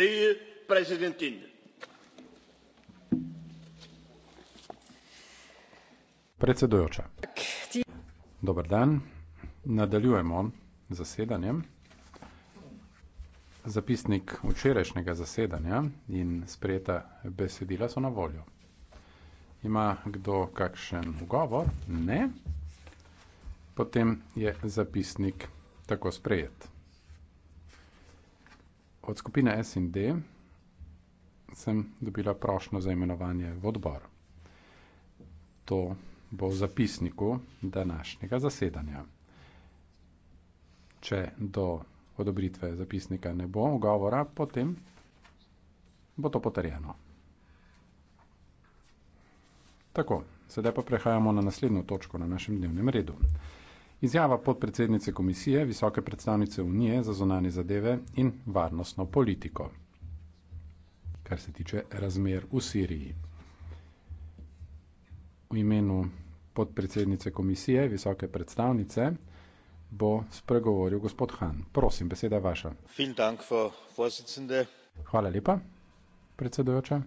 deal präsidentin! predsedujoča dober dan nadaljujemo z zasedanjem zapisnik včerajšnjega zasedanja in sprejeta besedila so na voljo ima kdo kakšen ugovor ne potem je zapisnik tako sprejet od skupine SND sem dobila prošlo za imenovanje v odbor. To bo v zapisniku današnjega zasedanja. Če do odobritve zapisnika ne bo govora, potem bo to potrjeno. Tako, sedaj pa prehajamo na naslednjo točko na našem dnevnem redu. Izjava podpredsednice komisije, visoke predstavnice Unije za zonanje zadeve in varnostno politiko, kar se tiče razmer v Siriji. V imenu podpredsednice komisije, visoke predstavnice, bo spregovoril gospod Han. Prosim, beseda je vaša. Hvala lepa, predsedujoča.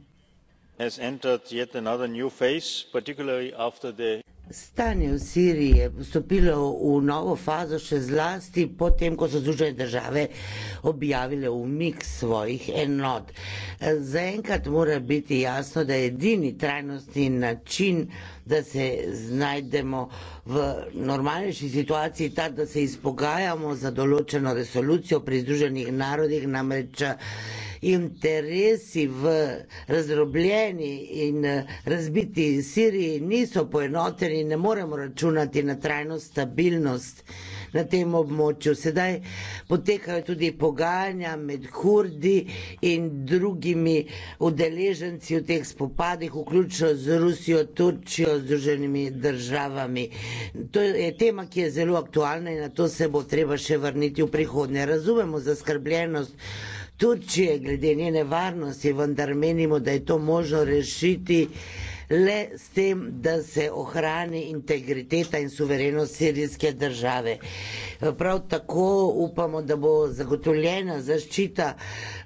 Has entered yet another new phase, particularly after the stanje v Siriji je vstopilo v novo fazo, še zlasti potem, ko so Združene države objavile umik svojih enot. Zaenkrat mora biti jasno, da je edini trajnostni način, da se znajdemo v normalnejši situaciji, ta, da se izpogajamo za določeno resolucijo pri Združenih narodih, namreč interesi v razdrobljeni in eh, razbiti Siriji niso poenoteni, ne moremo računati na trajno stabilnost na tem območju. Sedaj potekajo tudi pogajanja med Kurdi in drugimi udeleženci v teh spopadih, vključno z Rusijo, Turčijo, Združenimi državami. To je tema, ki je zelo aktualna in na to se bo treba še vrniti v prihodnje. Razumemo zaskrbljenost Turčije glede njene varnosti, vendar menimo, da je to možno rešiti le s tem, da se ohrani integriteta in suverenost sirijske države. Prav tako upamo, da bo zagotovljena zaščita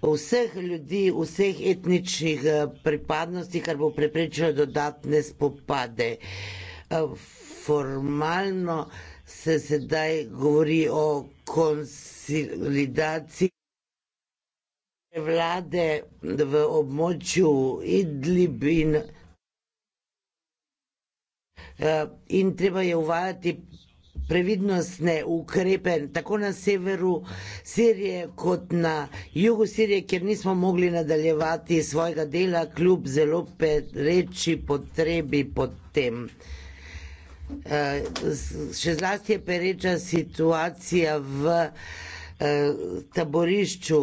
vseh ljudi, vseh etničnih eh, pripadnosti, kar bo preprečilo dodatne spopade. Eh, formalno se sedaj govori o konsolidaciji vlade v območju Idlib in, eh, in treba je uvajati previdnostne ukrepe tako na severu Sirije kot na jugu Sirije, ker nismo mogli nadaljevati svojega dela kljub zelo reči potrebi pod tem. Eh, še zlasti je pereča situacija v eh, taborišču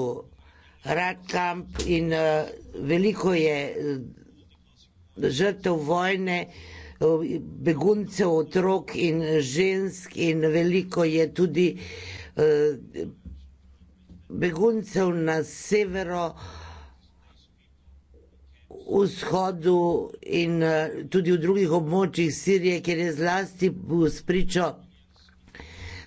Radkamp in uh, veliko je eh, žrtev vojne, eh, beguncev, otrok in žensk in veliko je tudi uh, beguncev na severo vzhodu in uh, tudi v drugih območjih Sirije, kjer je zlasti spričo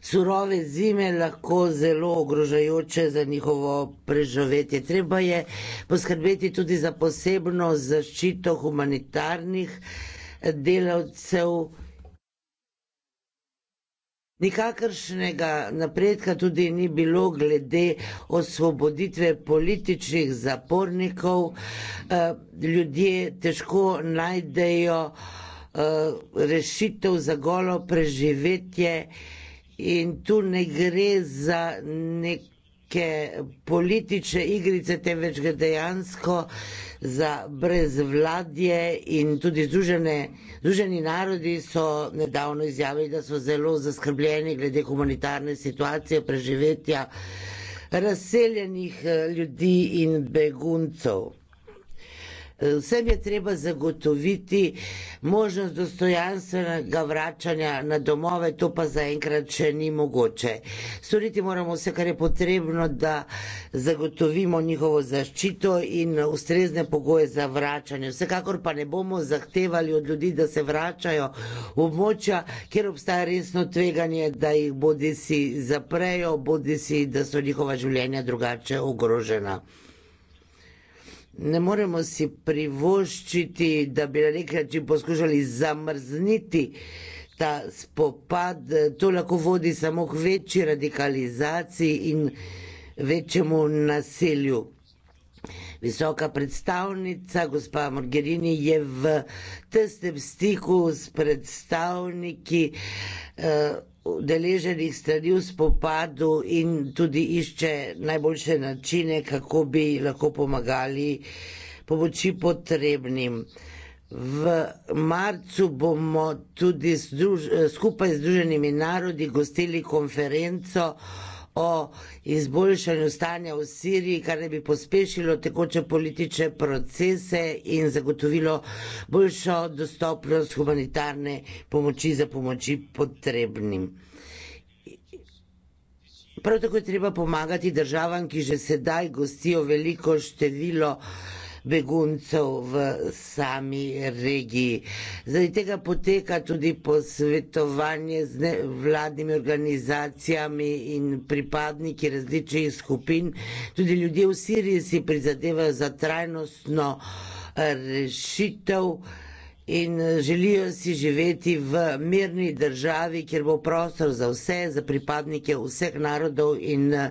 surove zime lahko zelo ogrožajoče za njihovo preživetje. Treba je poskrbeti tudi za posebno zaščito humanitarnih delavcev. Nikakršnega napredka tudi ni bilo glede osvoboditve političnih zapornikov. Eh, ljudje težko najdejo eh, rešitev za golo preživetje. In tu ne gre za neke politične igrice, temveč gre dejansko za brezvladje in tudi združene, združeni narodi so nedavno izjavili, da so zelo zaskrbljeni glede humanitarne situacije, preživetja razseljenih eh, ljudi in beguncev. Eh, vsem je treba zagotoviti možnost dostojanstvenega vračanja na domove, to pa zaenkrat še ni mogoče. Storiti moramo vse, kar je potrebno, da zagotovimo njihovo zaščito in ustrezne pogoje za vračanje. Vsekakor pa ne bomo zahtevali od ljudi, da se vračajo v območja, kjer obstaja resno tveganje, da jih bodi si zaprejo, bodi si, da so njihova življenja drugače ogrožena ne moremo si privoščiti, da bi na nek način poskušali zamrzniti ta spopad. To lahko vodi samo k večji radikalizaciji in večjemu nasilju. Visoka predstavnica, gospa Morgerini, je v tesnem stiku s predstavniki eh, udeleženih strani v spopadu in tudi išče najboljše načine, kako bi lahko pomagali pomoči potrebnim. V marcu bomo tudi združ, skupaj z Združenimi narodi gostili konferenco o izboljšanju stanja v Siriji, kar naj bi pospešilo tekoče politične procese in zagotovilo boljšo dostopnost humanitarne pomoči za pomoči potrebnim. Prav tako je treba pomagati državam, ki že sedaj gostijo veliko število beguncev v sami regiji. Zdaj tega poteka tudi posvetovanje z nevladnimi organizacijami in pripadniki različnih skupin. Tudi ljudje v Siriji si prizadevajo za trajnostno eh, rešitev. In eh, želijo si živeti v mirni državi, kjer bo prostor za vse, za pripadnike vseh narodov in uh,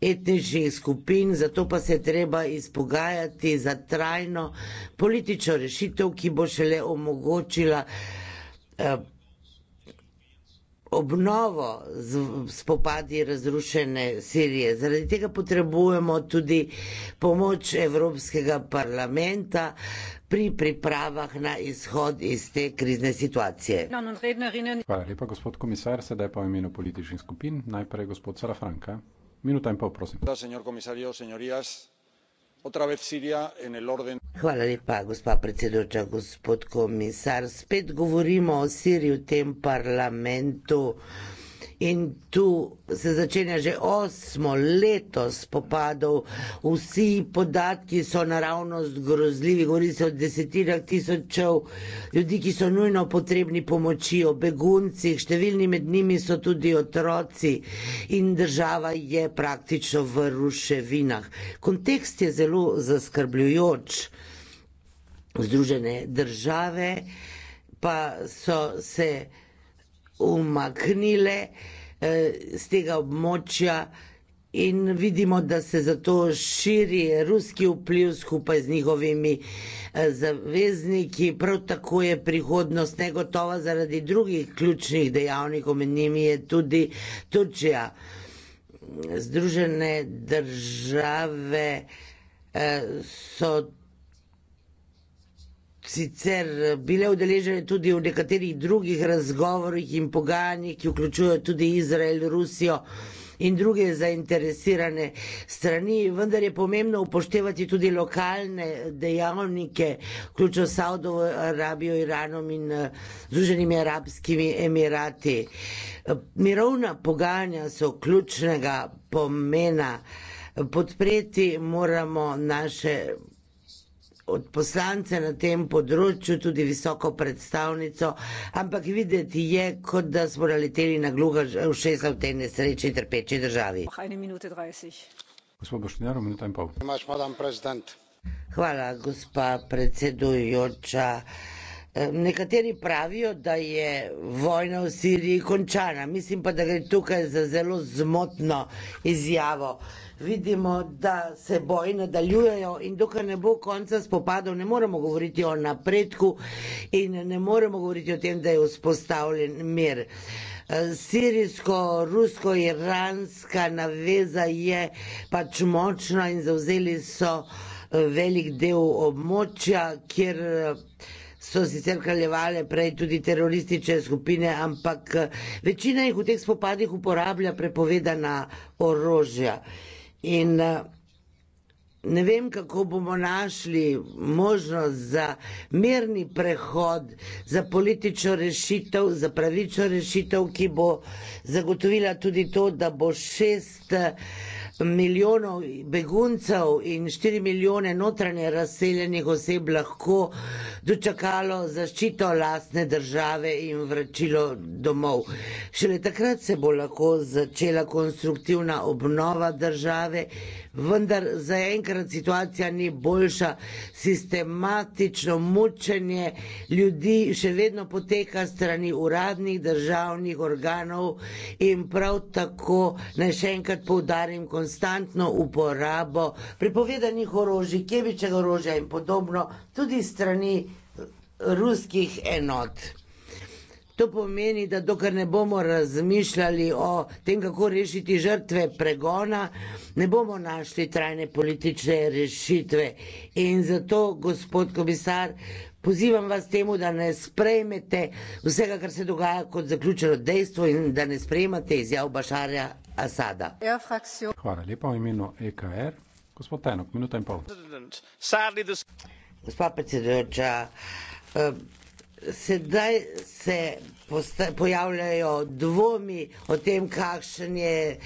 etničnih skupin, zato pa se treba izpogajati za trajno politično rešitev, ki bo šele omogočila eh, obnovo spopadi razrušene Sirije. Zaradi tega potrebujemo tudi pomoč Evropskega parlamenta pri pripravah na izhod iz te krizne situacije. Hvala lepa, gospod komisar. Sedaj pa v imenu političnih skupin. Najprej gospod Sarafranka gospa predsednica señor comisario señorías otra vez siria en el orden. Hvala lepa, gospa predsedujoča, gospod komisar. Spet govorimo o Siriji v tem parlamentu. Uh, In tu se začenja že osmo leto spopadov. Vsi podatki so naravnost grozljivi, govori se o desetinah tisočev ljudi, ki so nujno potrebni pomoči, o beguncih, številni med njimi so tudi otroci in država je praktično v ruševinah. Kontekst je zelo zaskrbljujoč. Združene države pa so se umaknile z eh, tega območja in vidimo, da se zato širi ruski vpliv skupaj z njihovimi eh, zavezniki, prav tako je prihodnost negotova zaradi drugih ključnih dejavnikov, med njimi je tudi Turčija. Združene države eh, so sicer eh, bile udeležene tudi v nekaterih drugih razgovorih in pogajanjih, ki vključujejo tudi Izrael, Rusijo in druge zainteresirane strani, vendar je pomembno upoštevati tudi lokalne dejavnike, vključno s Saudovo Arabijo, Iranom in eh, Združenimi arabskimi emirati. Eh, mirovna pogajanja so ključnega pomena. Podpreti moramo naše od poslance na tem področju, tudi visoko predstavnico, ampak videti je, kot da smo naleteli na gluha všesa v tej nesreči trpeči državi. Hvala, gospa predsedujoča. Eh, nekateri pravijo, da je vojna v Siriji končana, mislim pa, da gre tukaj za zelo zmotno izjavo vidimo, da se boji nadaljujejo in dokaj ne bo konca spopadov, ne moremo govoriti o napredku in ne moremo govoriti o tem, da je vzpostavljen mir. Eh, Sirijsko-rusko-iranska naveza je pač močna in zauzeli so eh, velik del območja, kjer eh, so sicer kraljevale prej tudi teroristične skupine, ampak večina jih v teh spopadih uporablja prepovedana orožja. In eh, ne vem, kako bomo našli možnost za mirni prehod, za politično rešitev, za pravično rešitev, ki bo zagotovila tudi to, da bo šest eh, milijonov beguncev in 4 milijone notranje razseljenih oseb lahko dočakalo zaščito lastne države in vračilo domov. Šele takrat se bo lahko začela konstruktivna obnova države, vendar zaenkrat situacija ni boljša. Sistematično mučenje ljudi še vedno poteka strani uradnih državnih organov in prav tako naj še enkrat poudarim konstantno uporabo prepovedanih orožij, kevičega orožja in podobno, tudi strani ruskih enot. To pomeni, da dokler ne bomo razmišljali o tem, kako rešiti žrtve pregona, ne bomo našli trajne politične rešitve. In zato, gospod komisar, pozivam vas temu, da ne sprejmete vsega, kar se dogaja kot zaključeno dejstvo in da ne sprejmete izjav Bašarja Asada. Ja, Hvala lepa v imenu EKR. Gospod Tajnok, minuta in pol. Gospa predsedujoča. Eh, sedaj se pojavljajo dvomi o tem, kakšen je,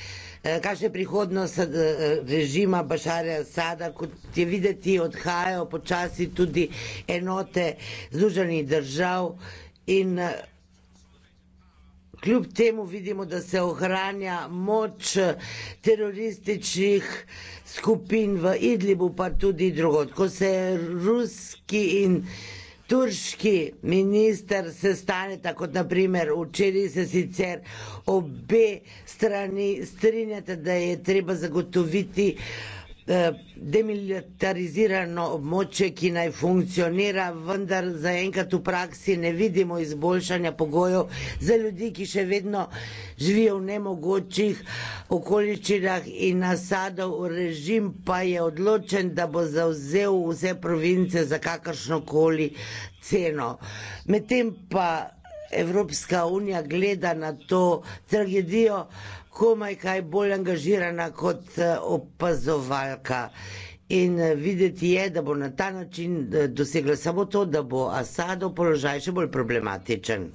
eh, kakšen je prihodnost eh, režima Bašarja Sada, kot je videti, odhajajo počasi tudi enote Združenih držav in kljub temu vidimo, da se ohranja moč terorističnih skupin v Idlibu, pa tudi drugod. Ko se ruski in turški minister se staneta, kot naprimer včeraj se sicer obe strani strinjata, da je treba zagotoviti uh, Eh, demilitarizirano območje, ki naj funkcionira, vendar zaenkrat v praksi ne vidimo izboljšanja pogojev za ljudi, ki še vedno živijo v nemogočih okoliščinah in nasadov režim pa je odločen, da bo zauzel vse province za kakršnokoli ceno. Medtem pa Evropska unija gleda na to tragedijo, komaj kaj bolj angažirana kot eh, opazovalka. In eh, videti je, da bo na ta način eh, dosegla samo to, da bo Asadov položaj še bolj problematičen.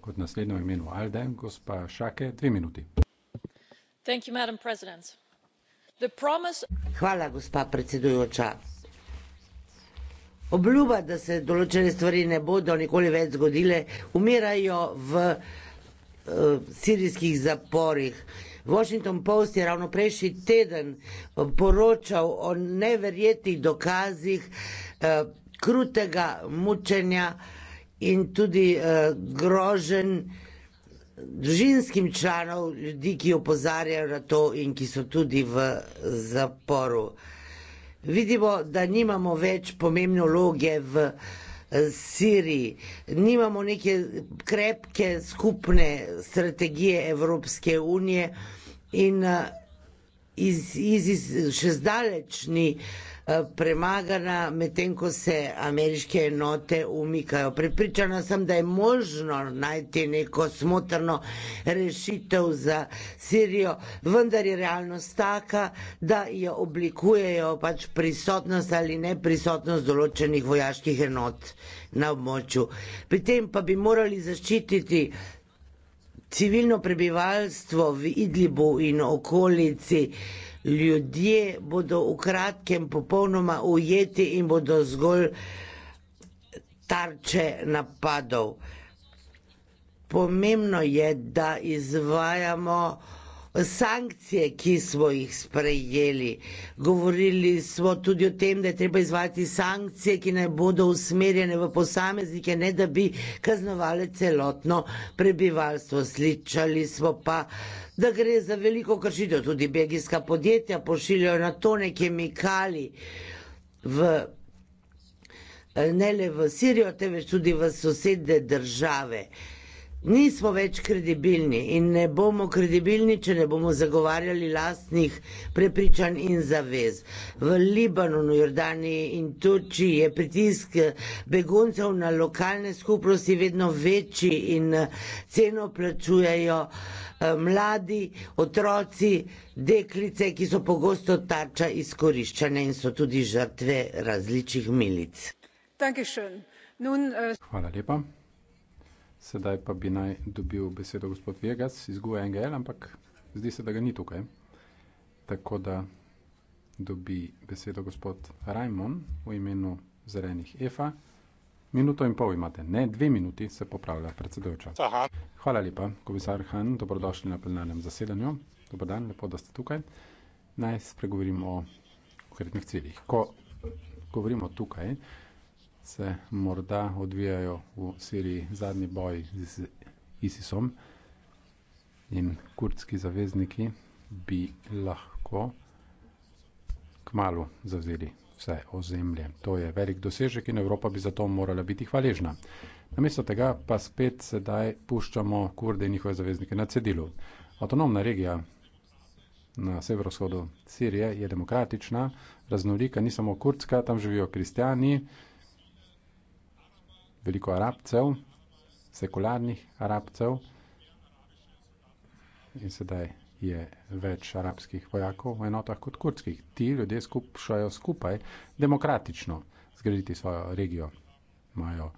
Kot naslednjo imenu Alde, gospa Šake, dve minuti. Hvala, gospa predsedujoča. Obljuba, da se določene stvari ne bodo nikoli več zgodile, umirajo v Eh, sirijskih zaporih. Washington Post je ravno prejšnji teden poročal o neverjetnih dokazih eh, krutega mučenja in tudi eh, grožen družinskim članov ljudi, ki opozarjajo na to in ki so tudi v zaporu. Vidimo, da nimamo več pomembne vloge v Siriji. Nimamo neke krepke skupne strategije Evropske unije in uh, iz, iz, iz, še zdaleč ni uh, Eh, premagana, medtem ko se ameriške enote umikajo. Pripričana sem, da je možno najti neko smotrno rešitev za Sirijo, vendar je realnost taka, da jo oblikujejo pač prisotnost ali neprisotnost določenih vojaških enot na območju. Pri tem pa bi morali zaščititi civilno prebivalstvo v Idlibu in okolici ljudje bodo v kratkem popolnoma ujeti in bodo zgolj tarče napadov. Pomembno je, da izvajamo sankcije, ki smo jih sprejeli. Govorili smo tudi o tem, da je treba izvajati sankcije, ki naj bodo usmerjene v posameznike, ne da bi kaznovali celotno prebivalstvo. Sličali smo pa, da gre za veliko kršitev, tudi belgijska podjetja pošiljajo na tone kemikali v ne le v Sirijo, temveč tudi v sosedne države. Nismo več kredibilni in ne bomo kredibilni, če ne bomo zagovarjali lastnih prepričanj in zavez. V Libanonu, Jordaniji in Turčiji je pritisk beguncev na lokalne skupnosti vedno večji in ceno plačujejo eh, mladi, otroci, deklice, ki so pogosto tarča izkoriščene in so tudi žrtve različnih milic. Nun, uh... Hvala lepa. Sedaj pa bi naj dobil besedo gospod Vegas iz GUNGL, e ampak zdi se, da ga ni tukaj. Tako da dobi besedo gospod Rajmon v imenu zelenih EFA. Minuto in pol imate, ne dve minuti, se popravlja predsedujoča. Hvala lepa, komisar Han, dobrodošli na plenarnem zasedanju. Dobro dan, lepo, da ste tukaj. Naj spregovorimo o konkretnih ciljih. Ko govorimo tukaj, se morda odvijajo v Siriji zadnji boj z ISISom in kurdski zavezniki bi lahko kmalo zavzeli vse ozemlje. To je velik dosežek in Evropa bi zato morala biti hvaležna. Namesto tega pa spet sedaj puščamo kurde in njihove zaveznike na cedilu. Avtonomna regija na severovzhodu Sirije je demokratična, raznolika, ni samo kurdska, tam živijo kristijani, veliko arabcev, sekularnih arabcev in sedaj je več arabskih vojakov v enotah kot kurdskih. Ti ljudje skupšajo skupaj demokratično zgraditi svojo regijo. Imajo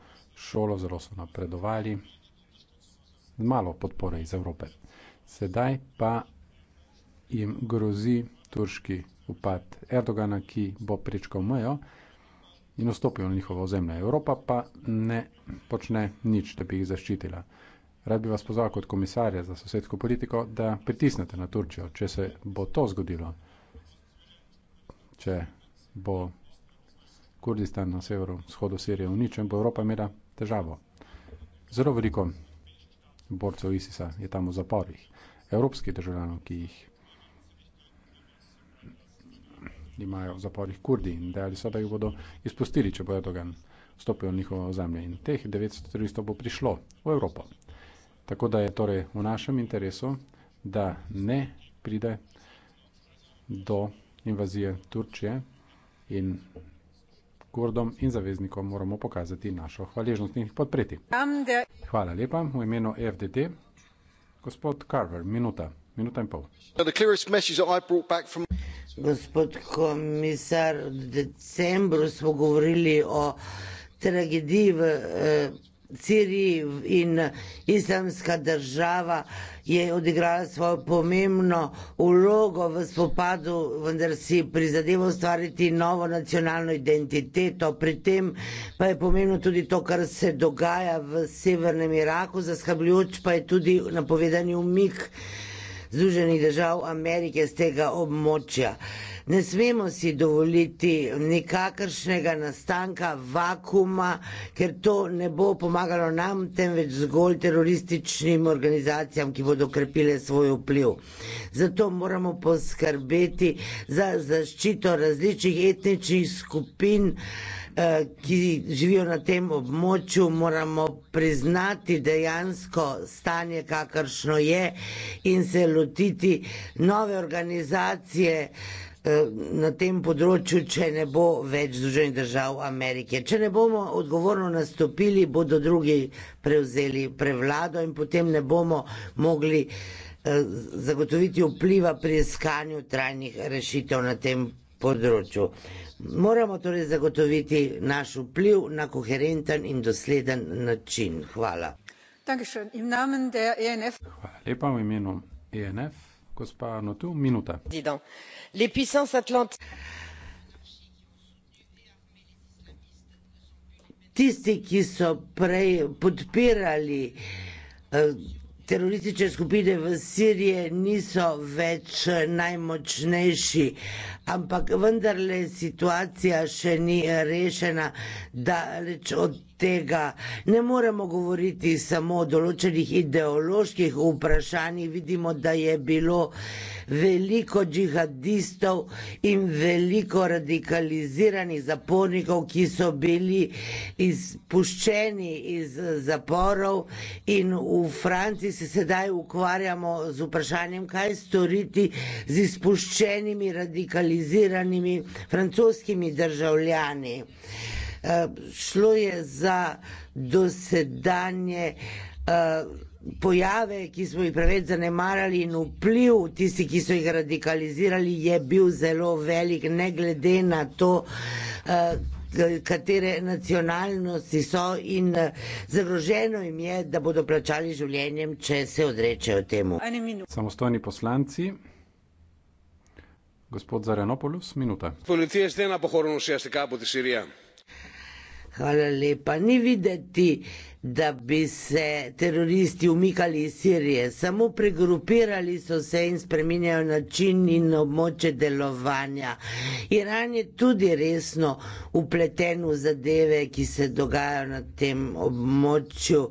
šolo, zelo so napredovali, malo podpore iz Evrope. Sedaj pa jim grozi turški upad Erdogana, ki bo prečkal mejo in vstopijo na njihovo ozemlje. Evropa pa ne počne nič, da bi jih zaščitila. Rad bi vas pozval kot komisarja za sosedsko politiko, da pritisnete na Turčijo, če se bo to zgodilo, če bo Kurdistan na severu vzhodu Sirije uničen, bo Evropa imela težavo. Zelo veliko borcev ISIS-a je tam v zaporih, evropskih državljanov, ki jih da imajo v zaporih kurdi in dejali so, da jih bodo izpustili, če bo Erdogan vstopil v njihovo zemljo. In teh 900 teroristov bo prišlo v Evropo. Tako da je torej v našem interesu, da ne pride do invazije Turčije in kurdom in zaveznikom moramo pokazati našo hvaležnost in jih podpreti. Hvala lepa v imenu FDD. Gospod Carver, minuta, minuta in pol. Gospod komisar, v decembru smo govorili o tragediji v eh, Siriji in islamska država je odigrala svojo pomembno vlogo v spopadu, vendar si prizadeva ustvariti novo nacionalno identiteto. Pri tem pa je pomembno tudi to, kar se dogaja v severnem Iraku, zaskrbljujoč pa je tudi napovedani umik. Združenih držav Amerike z tega območja. Ne smemo si dovoliti nikakršnega nastanka vakuma, ker to ne bo pomagalo nam, temveč zgolj terorističnim organizacijam, ki bodo krepile svoj vpliv. Zato moramo poskrbeti za zaščito različnih etničnih skupin. Eh, ki živijo na tem območju, moramo priznati dejansko stanje, kakršno je, in se lotiti nove organizacije eh, na tem področju, če ne bo več Združenih držav Amerike. Če ne bomo odgovorno nastopili, bodo drugi prevzeli prevlado in potem ne bomo mogli eh, zagotoviti vpliva pri iskanju trajnih rešitev na tem področju. Moramo torej zagotoviti naš vpliv na koherenten in dosleden način. Hvala. E Hvala lepa v imenu ENF. Gospa Notu, minuta. Tisti, ki so prej podpirali eh, teroristične skupine v Siriji, niso več eh, najmočnejši ampak vendarle situacija še ni rešena, da reč od tega ne moremo govoriti samo o določenih ideoloških vprašanjih. Vidimo, da je bilo veliko džihadistov in veliko radikaliziranih zapornikov, ki so bili izpuščeni iz zaporov in v Franciji se sedaj ukvarjamo z vprašanjem, kaj storiti z izpuščenimi radikalizirani naturaliziranimi francoskimi državljani. Eh, šlo je za dosedanje eh, pojave, ki smo jih preveč zanemarali in vpliv tisti, ki so jih radikalizirali, je bil zelo velik, ne glede na to, eh, katere nacionalnosti so in zagroženo jim je, da bodo plačali življenjem, če se odrečejo temu. Samostojni poslanci, Gospod Zarenopoulos, minuta. Policije zdaj napohorno vsi jaste kapo iz Sirije. Hvala lepa. Ni videti da bi se teroristi umikali iz Sirije, samo pregrupirali so se in spremenjajo način in območje delovanja. Iran je tudi resno upleten v zadeve, ki se dogajajo na tem območju.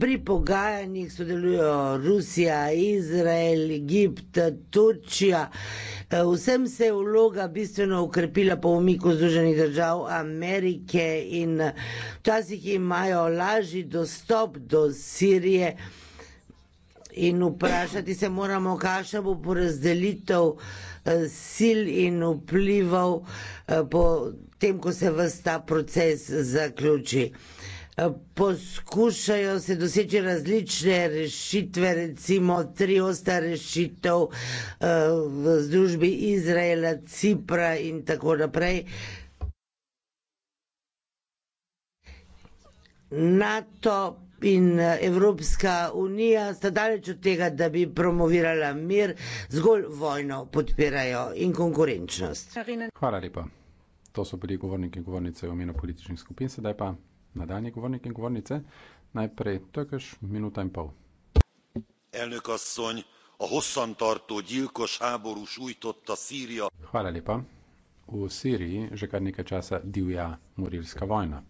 Pri pogajanjih sodelujo Rusija, Izrael, Egipt, Turčija. Eh, vsem se je vloga bistveno ukrepila po umiku Združenih držav Amerike in včasih imajo lažji dostop dostop do Sirije in vprašati se moramo, kakšna bo porazdelitev eh, sil in vplival eh, po tem, ko se v ta proces zaključi. Eh, poskušajo se doseči različne rešitve, recimo tri osta rešitev v združbi Izraela, Cipra in tako naprej. NATO in eh, Evropska unija sta daleč od tega, da bi promovirala mir, zgolj vojno podpirajo in konkurenčnost. Hvala lepa. To so bili govorniki in govornice v imenu političnih skupin, sedaj pa nadaljni govorniki in govornice. Najprej tokaš minuta in pol. Elnök asszony, a hosszantartó gyilkos háború sújtotta Szíria. Hvala lepa. V Siriji že kar nekaj časa divja morilska vojna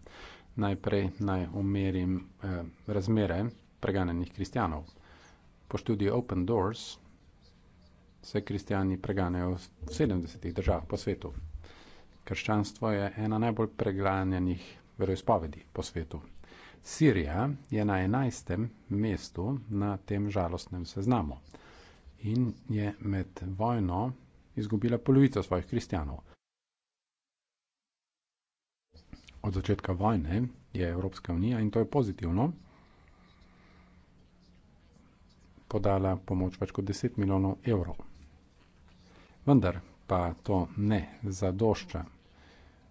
najprej naj umerim eh, razmere preganjenih kristijanov. Po študiji Open Doors se kristijani preganjajo v 70 državah po svetu. Krščanstvo je ena najbolj preganjenih veroizpovedi po svetu. Sirija je na 11. mestu na tem žalostnem seznamu in je med vojno izgubila polovico svojih kristijanov. od začetka vojne je Evropska unija in to je pozitivno podala pomoč več kot 10 milijonov evrov. Vendar pa to ne zadošča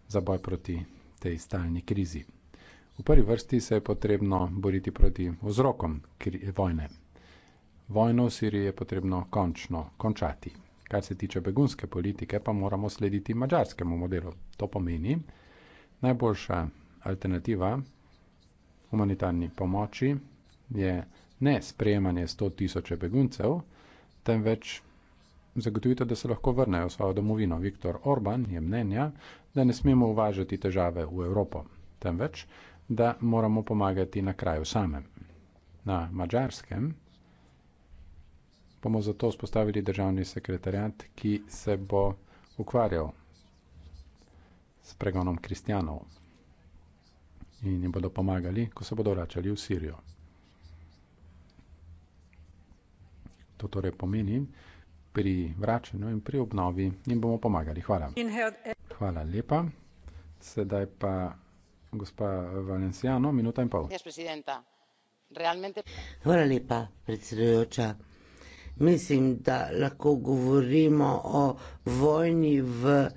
za boj proti tej stalni krizi. V prvi vrsti se je potrebno boriti proti vzrokom vojne. Vojno v Siriji je potrebno končno končati. Kar se tiče begunske politike, pa moramo slediti mađarskemu modelu. To pomeni, najboljša alternativa humanitarni pomoči je ne sprejemanje 100 tisoče beguncev, temveč zagotovito, da se lahko vrnejo v svojo domovino. Viktor Orban je mnenja, da ne smemo uvažati težave v Evropo, temveč, da moramo pomagati na kraju samem. Na mačarskem bomo zato spostavili državni sekretariat, ki se bo ukvarjal s pregonom kristijanov in jim bodo pomagali, ko se bodo vračali v Sirijo. To torej pomeni, pri vračanju in pri obnovi jim bomo pomagali. Hvala. Hvala lepa. Sedaj pa gospa Valenciano, minuta in pol. Hvala lepa, predsedujoča. Mislim, da lahko govorimo o vojni v.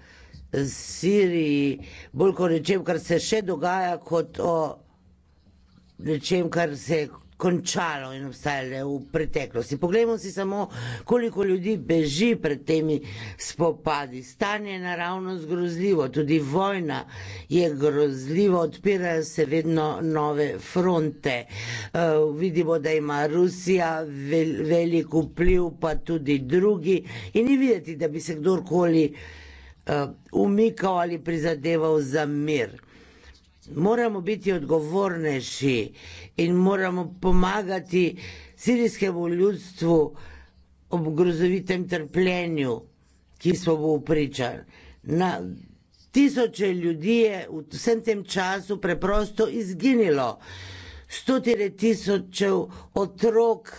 Siriji, bolj kot rečem, kar se še dogaja, kot o nečem, kar se je končalo in obstajalo v preteklosti. Poglejmo si samo, koliko ljudi beži pred temi spopadi. Stanje je naravno zgrozljivo, tudi vojna je grozljiva, odpirajo se vedno nove fronte. Uh, vidimo, da ima Rusija vel, velik vpliv, pa tudi drugi in ni videti, da bi se kdorkoli Eh, umikal ali prizadeval za mir. Moramo biti odgovornejši in moramo pomagati sirijskemu ljudstvu ob grozovitem trpljenju, ki smo mu pričali. Na tisoče ljudi je v vsem tem času preprosto izginilo, stotine tisočev otrok,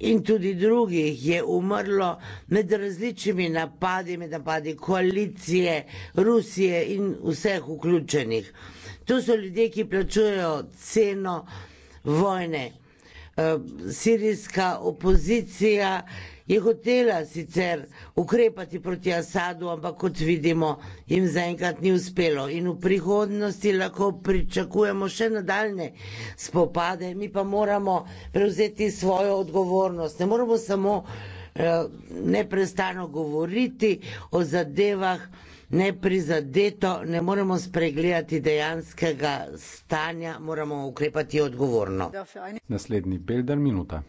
in tudi drugih je umrlo med različnimi napadi, med napadi koalicije, Rusije in vseh vključenih. To so ljudje, ki plačujejo ceno vojne. Eh, sirijska opozicija je hotela sicer ukrepati proti Asadu, ampak kot vidimo, jim zaenkrat ni uspelo. In v prihodnosti lahko pričakujemo še nadaljne spopade, mi pa moramo prevzeti svojo odgovornost. Ne moramo samo eh, neprestano govoriti o zadevah. Neprizadeto ne moremo spregledati dejanskega stanja, moramo ukrepati odgovorno. Naslednji Beldar minuta.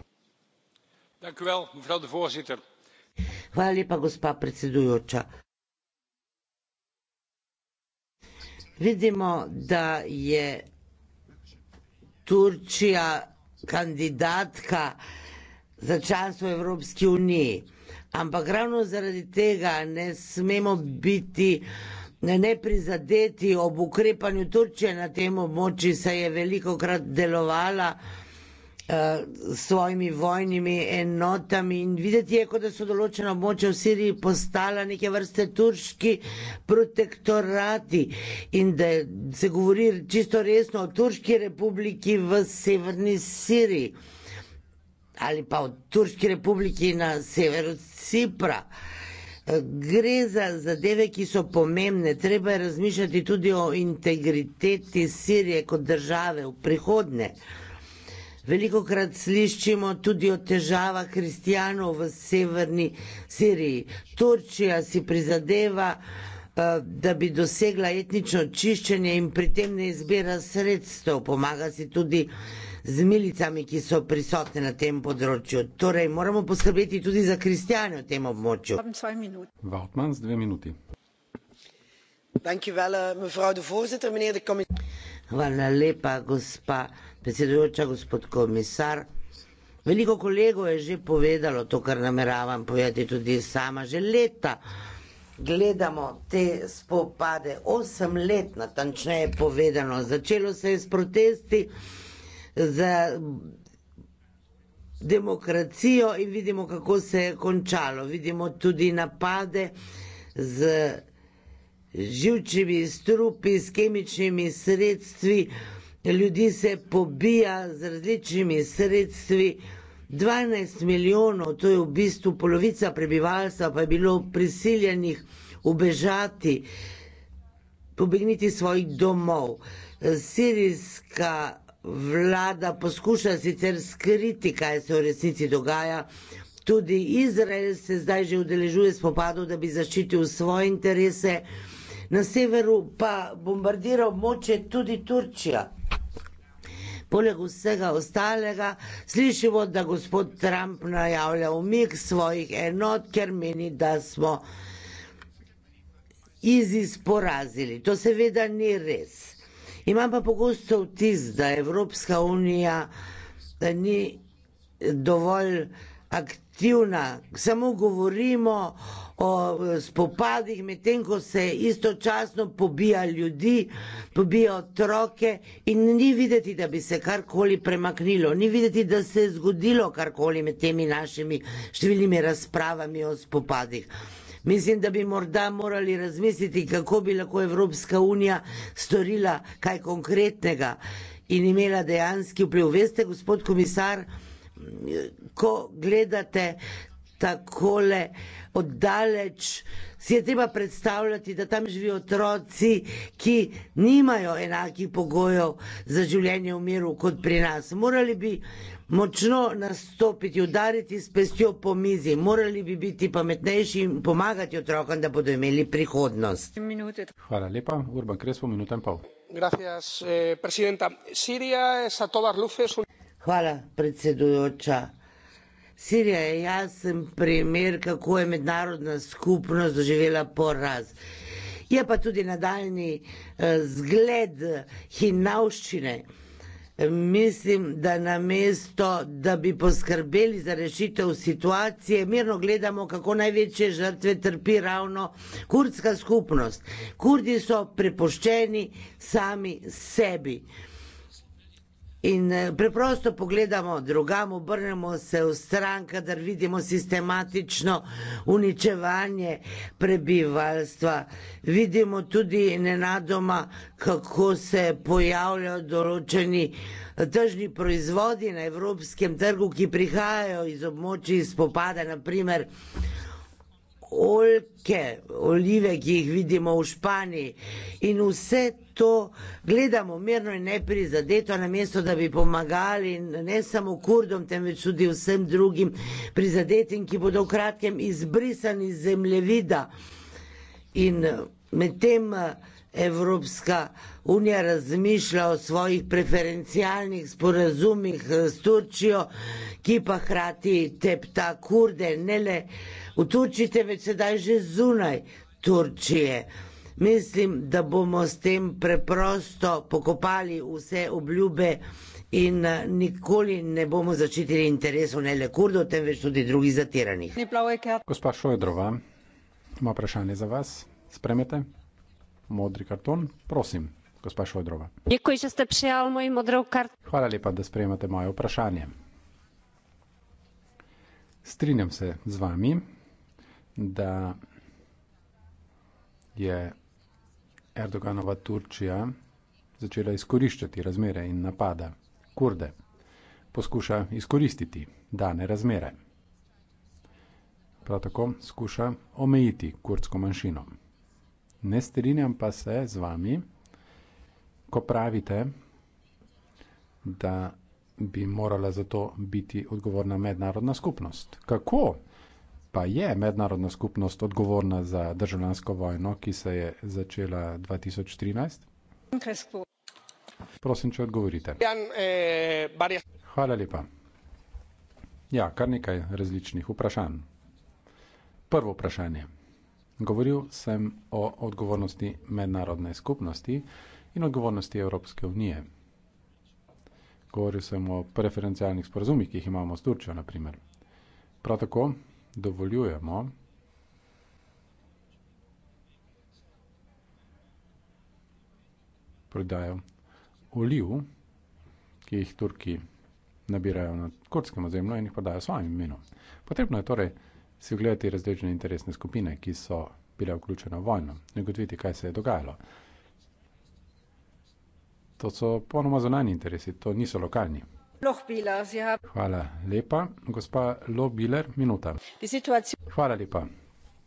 Hvala lepa, gospa predsedujoča. Vidimo, da je Turčija kandidatka za članstvo v Evropski uniji, ampak ravno zaradi tega ne smemo biti neprizadeti ob ukrepanju Turčije na tem območju, saj je velikokrat delovala Eh, svojimi vojnimi enotami in videti je, kot da so določena območja v Siriji postala neke vrste turški protektorati in da se govori čisto resno o Turški republiki v severni Siriji ali pa o Turški republiki na severu Cipra. Eh, gre za zadeve, ki so pomembne. Treba je razmišljati tudi o integriteti Sirije kot države v prihodnje. Veliko krat slišimo tudi o težavah kristijanov v severni Siriji. Turčija si prizadeva, eh, da bi dosegla etnično očiščenje in pri tem ne izbira sredstev, pomaga si tudi z milicami, ki so prisotne na tem področju. Torej, moramo poskrbeti tudi za kristijane v tem območju. Vautman z dve minuti. Eh, Hvala lepa, gospa predsedujoča, gospod komisar. Veliko kolego je že povedalo to, kar nameravam povedati tudi sama. Že leta gledamo te spopade, osem let natančneje povedano. Začelo se je s protesti za demokracijo in vidimo, kako se je končalo. Vidimo tudi napade z živčivi strupi, s kemičnimi sredstvi ljudi se pobija z različnimi sredstvi. 12 milijonov, to je v bistvu polovica prebivalstva, pa je bilo prisiljenih ubežati, pobegniti svojih domov. Sirijska vlada poskuša sicer skriti, kaj se v resnici dogaja. Tudi Izrael se zdaj že udeležuje spopadov, da bi zaščitil svoje interese. Na severu pa bombardira območje tudi Turčija. Poleg vsega ostalega slišimo, da gospod Trump najavlja umik svojih enot, ker meni, da smo ISIS porazili. To seveda ni res. Imam pa pogosto vtis, da Evropska unija da ni dovolj aktivna. Samo govorimo o spopadih, medtem ko se istočasno pobija ljudi, pobija otroke in ni videti, da bi se karkoli premaknilo, ni videti, da se je zgodilo karkoli med temi našimi številnimi razpravami o spopadih. Mislim, da bi morda morali razmisliti, kako bi lahko Evropska unija storila kaj konkretnega in imela dejanski vpliv. Veste, gospod komisar, ko gledate takole oddaleč. Si je treba predstavljati, da tam živijo otroci, ki nimajo enakih pogojev za življenje v miru kot pri nas. Morali bi močno nastopiti, udariti s pestjo po mizi, morali bi biti pametnejši in pomagati otrokom, da bodo imeli prihodnost. Hvala lepa. Urban Kresvo, minuta in pol. Gracias, eh, presidenta. Sirija je za todas luces. Hvala, predsedujoča. Sirija je jasen primer, kako je mednarodna skupnost doživela poraz. Je pa tudi nadaljni eh, zgled hinavščine. Mislim, da na mesto, da bi poskrbeli za rešitev situacije, mirno gledamo, kako največje žrtve trpi ravno kurdska skupnost. Kurdi so prepoščeni sami sebi. In eh, preprosto pogledamo drugam, obrnemo se v stran, kadar vidimo sistematično uničevanje prebivalstva. Vidimo tudi nenadoma, kako se pojavljajo določeni eh, tržni proizvodi na evropskem trgu, ki prihajajo iz območij spopada, naprimer oljke, olive, ki jih vidimo v Španiji in vse to gledamo mirno in neprizadeto, namesto da bi pomagali ne samo kurdom, temveč tudi vsem drugim prizadetim, ki bodo v kratkem izbrisani iz zemljevida. In eh, medtem eh, Evropska unija razmišlja o svojih preferencialnih sporazumih eh, s Turčijo, ki pa hkrati tepta kurde, ne le V Turčiji te več sedaj že zunaj Turčije. Mislim, da bomo s tem preprosto pokopali vse obljube in eh, nikoli ne bomo začitili interesov ne le kurdov, temveč tudi drugih zatiranih. Gospa Šojdrova, ima vprašanje za vas. Spremete modri karton, prosim. Gospa Šojdrova. Hvala lepa, da sprejemate moje vprašanje. Strinjam se z vami, da je Erdoganova Turčija začela izkoriščati razmere in napada kurde. Poskuša izkoristiti dane razmere. Prav tako skuša omejiti kurdsko manjšino. Ne strinjam pa se z vami, ko pravite, da bi morala za to biti odgovorna mednarodna skupnost. Kako pa je mednarodna skupnost odgovorna za državljansko vojno, ki se je začela 2013? Prosim, če odgovorite. Hvala lepa. Ja, kar nekaj različnih vprašanj. Prvo vprašanje. Govoril sem o odgovornosti mednarodne skupnosti in odgovornosti Evropske unije. Govoril sem o preferencialnih sporazumih, ki jih imamo s Turčjo, naprimer. Prav tako dovoljujemo, prodajo oliv, ki jih Turki nabirajo na kurdskem ozemlju in jih prodajo svojim imenom. Potrebno je torej si ogledati različne interesne skupine, ki so bile vključene v vojno in ugotoviti, kaj se je dogajalo. To so ponoma zunanji interesi, to niso lokalni. Hvala lepa. Gospa Lobiler, minuta. Hvala lepa,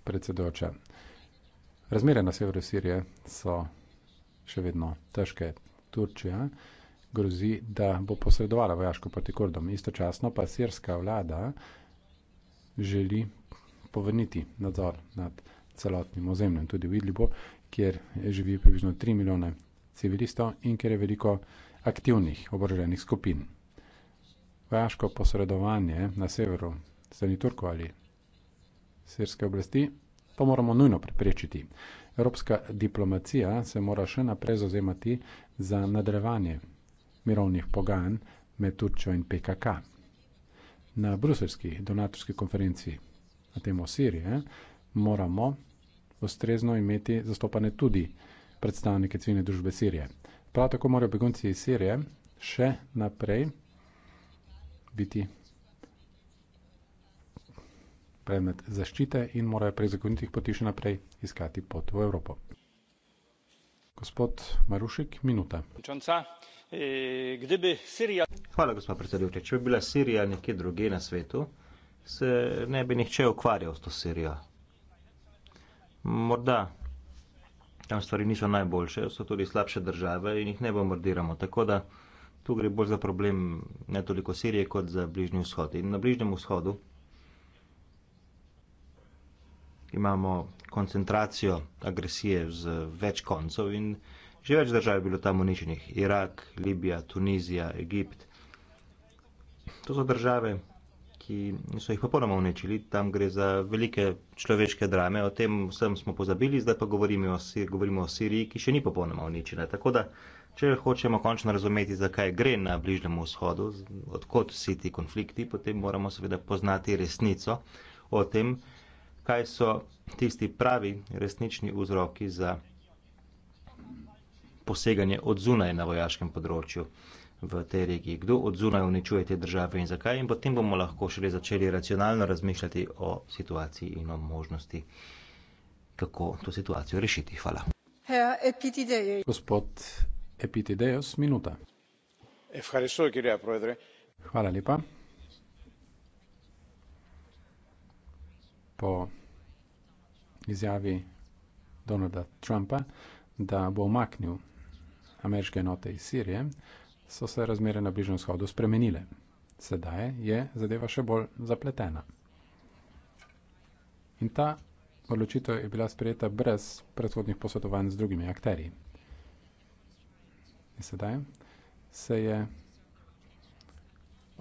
predsedujoča. Razmere na severu Sirije so še vedno težke. Turčija grozi, da bo posredovala vojaško proti Kurdom. Istočasno pa sirska vlada želi povrniti nadzor nad celotnim ozemljem, tudi v Idlibu, kjer živi približno 3 milijone civilistov in kjer je veliko aktivnih oboroženih skupin vojaško posredovanje na severu, strani Turko ali sirske oblasti, to moramo nujno preprečiti. Evropska diplomacija se mora še naprej zauzemati za nadaljevanje mirovnih pogajanj med Turčjo in PKK. Na bruselski donatorski konferenciji na temo Sirije moramo ustrezno imeti zastopane tudi predstavnike civilne družbe Sirije. Prav tako morajo begunci iz Sirije še naprej biti predmet zaščite in morajo prek zakonitih poti še naprej iskati pot v Evropo. Gospod Marušik, minuta. Eh, Hvala, gospod predsedujoči. Če bi bila Sirija nekje druge na svetu, se ne bi nihče ukvarjal s to Sirijo. Morda tam stvari niso najboljše, so tudi slabše države in jih ne bombardiramo. Tako da tu gre bolj za problem ne toliko Sirije, kot za Bližnji vzhod. In na Bližnjem vzhodu imamo koncentracijo agresije z več koncev in že več držav je bilo tam uničenih. Irak, Libija, Tunizija, Egipt. To so države, ki so jih popolnoma uničili. Tam gre za velike človeške drame. O tem vsem smo pozabili, zdaj pa govorimo o, govorimo o Siriji, ki še ni popolnoma uničena. Tako da Če hočemo končno razumeti, zakaj gre na Bližnjem vzhodu, odkot vsi ti konflikti, potem moramo seveda poznati resnico o tem, kaj so tisti pravi resnični vzroki za poseganje od zunaj na vojaškem področju v tej regiji, kdo od zunaj uničuje te države in zakaj in potem bomo lahko šele začeli racionalno razmišljati o situaciji in o možnosti, kako to situacijo rešiti. Hvala. Gospod hvala lepa. po izjavi donalda trumpa da bo umaknil ameriške enote iz sirije so se razmere na bližnjem vzhodu spremenile sedaj je zadeva še bolj zapletena in ta odločitev je bila sprejeta brez predhodnih posvetovanj z drugimi akterji In sedaj se je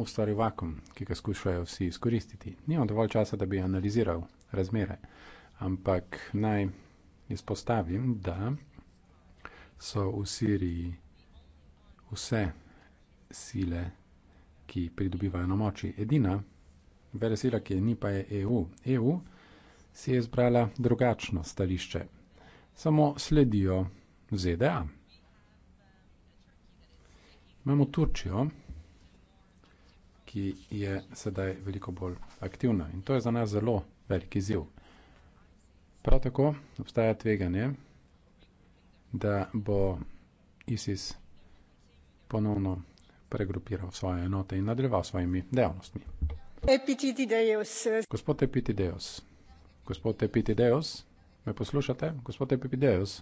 ustvaril vakum, ki ga skušajo vsi izkoristiti. Nimam dovolj časa, da bi analiziral razmere, ampak naj izpostavim, da so v Siriji vse sile, ki pridobivajo na moči. Edina vera sila, ki je ni, pa je EU. EU si je izbrala drugačno stališče. Samo sledijo ZDA. Imamo Turčijo, ki je sedaj veliko bolj aktivna in to je za nas zelo velik izziv. Prav tako obstaja tveganje, da bo ISIS ponovno pregrupiral svoje enote in nadaljeval svojimi dejavnostmi. Gospod Epitideos, gospod Epitideos, me poslušate? Gospod Epitideos,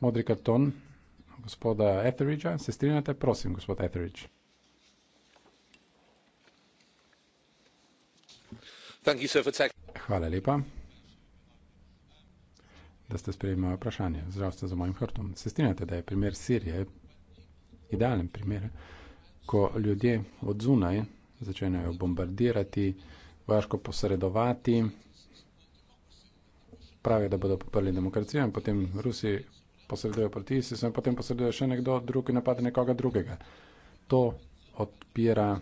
modri karton, gospoda Etheridgea. Se strinjate, prosim, gospod Etheridge. Hvala lepa, da ste sprejeli moje vprašanje. Zdravstvo za mojim hrtom. Se strinjate, da je primer Sirije idealen primer, ko ljudje od zunaj začenjajo bombardirati, vaško posredovati, pravijo, da bodo podprli demokracijo in potem Rusi posreduje policist, se potem posreduje še nekdo drug in napade nekoga drugega. To odpira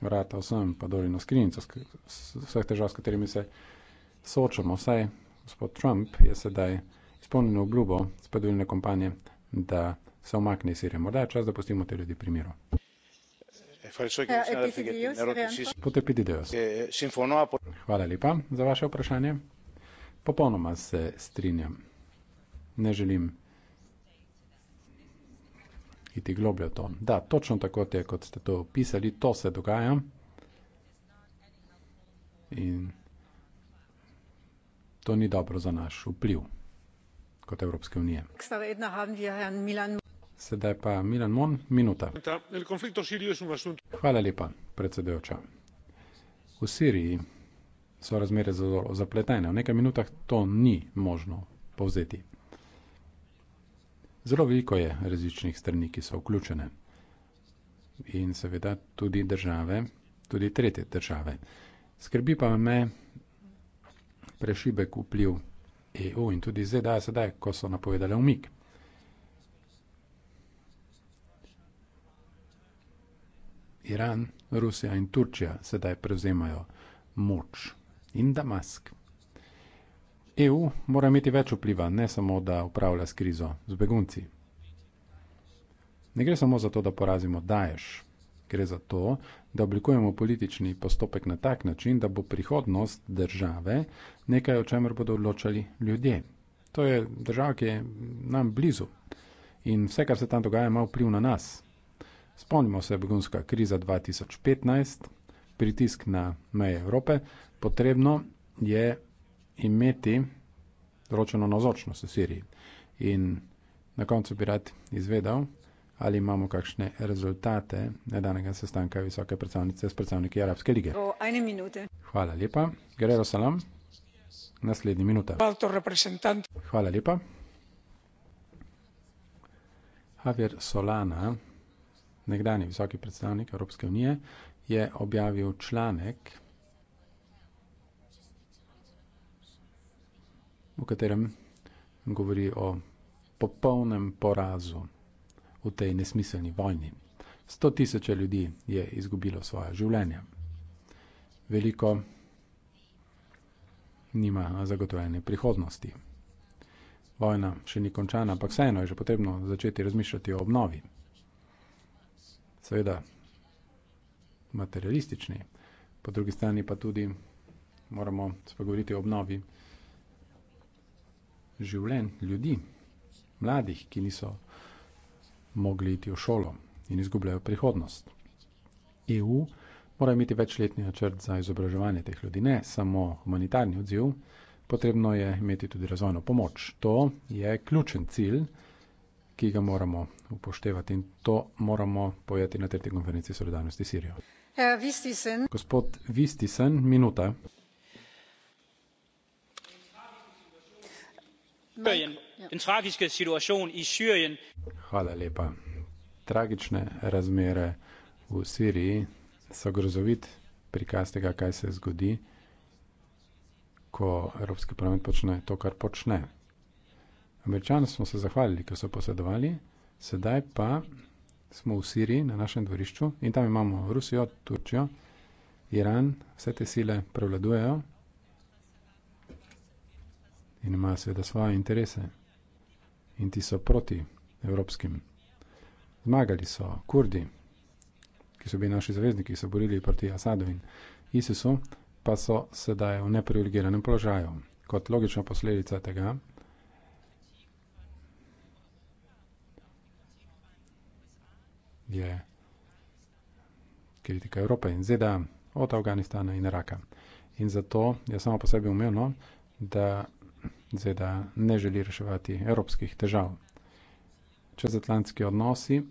vrata vsem, pa dolje na skrinjico vseh težav, s katerimi se soočamo. Vsaj gospod Trump je sedaj izpolnil obljubo s predvoljene kampanje, da se omakne iz Sirije. Morda je čas, da pustimo te ljudi pri miru. Hvala lepa za vaše vprašanje. Popolnoma se strinjam ne želim iti globlje v to. Da, točno tako je, kot ste to opisali, to se dogaja. In to ni dobro za naš vpliv kot Evropske unije. Sedaj pa Milan Mon, minuta. Hvala lepa, predsedujoča. V Siriji so razmere zelo zapletene. V nekaj minutah to ni možno povzeti. Zelo veliko je različnih strani, ki so vključene. In seveda tudi države, tudi tretje države. Skrbi pa me prešibek vpliv EU in tudi ZDA sedaj, ko so napovedali umik. Iran, Rusija in Turčija sedaj prevzemajo moč in Damask. EU mora imeti več vpliva, ne samo da upravlja s krizo, z begunci. Ne gre samo za to, da porazimo Daješ, gre za to, da oblikujemo politični postopek na tak način, da bo prihodnost države nekaj, o čemer bodo odločali ljudje. To je država, ki je nam blizu in vse, kar se tam dogaja, ima vpliv na nas. Spomnimo se begunska kriza 2015, pritisk na meje Evrope, potrebno je imeti določeno navzočnost v Siriji. In na koncu bi rad izvedel, ali imamo kakšne rezultate nedanega sestanka visoke predstavnice s predstavniki Arabske lige. O, ene minute. Hvala lepa. Gerero Salam, naslednji minuta. Hvala lepa. Javier Solana, nekdani visoki predstavnik Evropske unije, je objavil članek v katerem govori o popolnem porazu v tej nesmiselni vojni. Sto tisoče ljudi je izgubilo svoje življenje. Veliko nima zagotovljene prihodnosti. Vojna še ni končana, ampak vseeno je že potrebno začeti razmišljati o obnovi. Seveda materialistični, po drugi strani pa tudi moramo spregovoriti o obnovi življenj ljudi, mladih, ki niso mogli iti v šolo in izgubljajo prihodnost. EU mora imeti večletni načrt za izobraževanje teh ljudi, ne samo humanitarni odziv, potrebno je imeti tudi razvojno pomoč. To je ključen cilj, ki ga moramo upoštevati in to moramo pojeti na tretji konferenci solidarnosti Sirijo. Gospod Vistisen, minuta. in in ja. tragične situacije v Siriji. Hvala lepa. Tragične razmere v Siriji so grozovit prikaz tega, kaj se zgodi, ko Evropski parlament počne to, kar počne. Američanom smo se zahvalili, ko so posedovali, sedaj pa smo v Siriji na našem dvorišču in tam imamo Rusijo, Turčijo, Iran, vse te sile prevladujejo in imajo seveda svoje interese in ti so proti evropskim. Zmagali so kurdi, ki so bili naši zavezniki, ki so borili proti Asadu in ISIS-u, pa so sedaj v neprivilegiranem položaju. Kot logična posledica tega je kritika Evrope in ZDA od Afganistana in Iraka. In zato je samo po sebi umeljno, da ZDA ne želi reševati evropskih težav. Čezatlantski odnosi